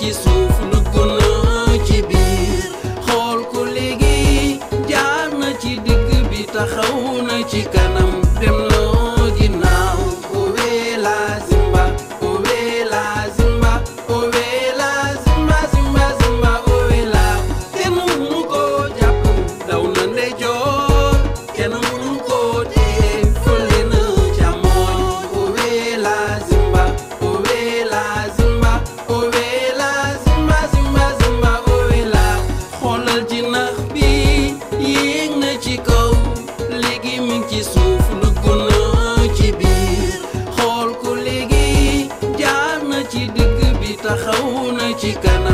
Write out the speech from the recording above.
ci suuf dugg na ci biir xool ko léegi jaar na ci digg bi taxaw ci kanam dem na ci kaw léegi mi ci suuf dugg na ci biir xool ko léegi jaar na ci digg bi taxaw na ci kanam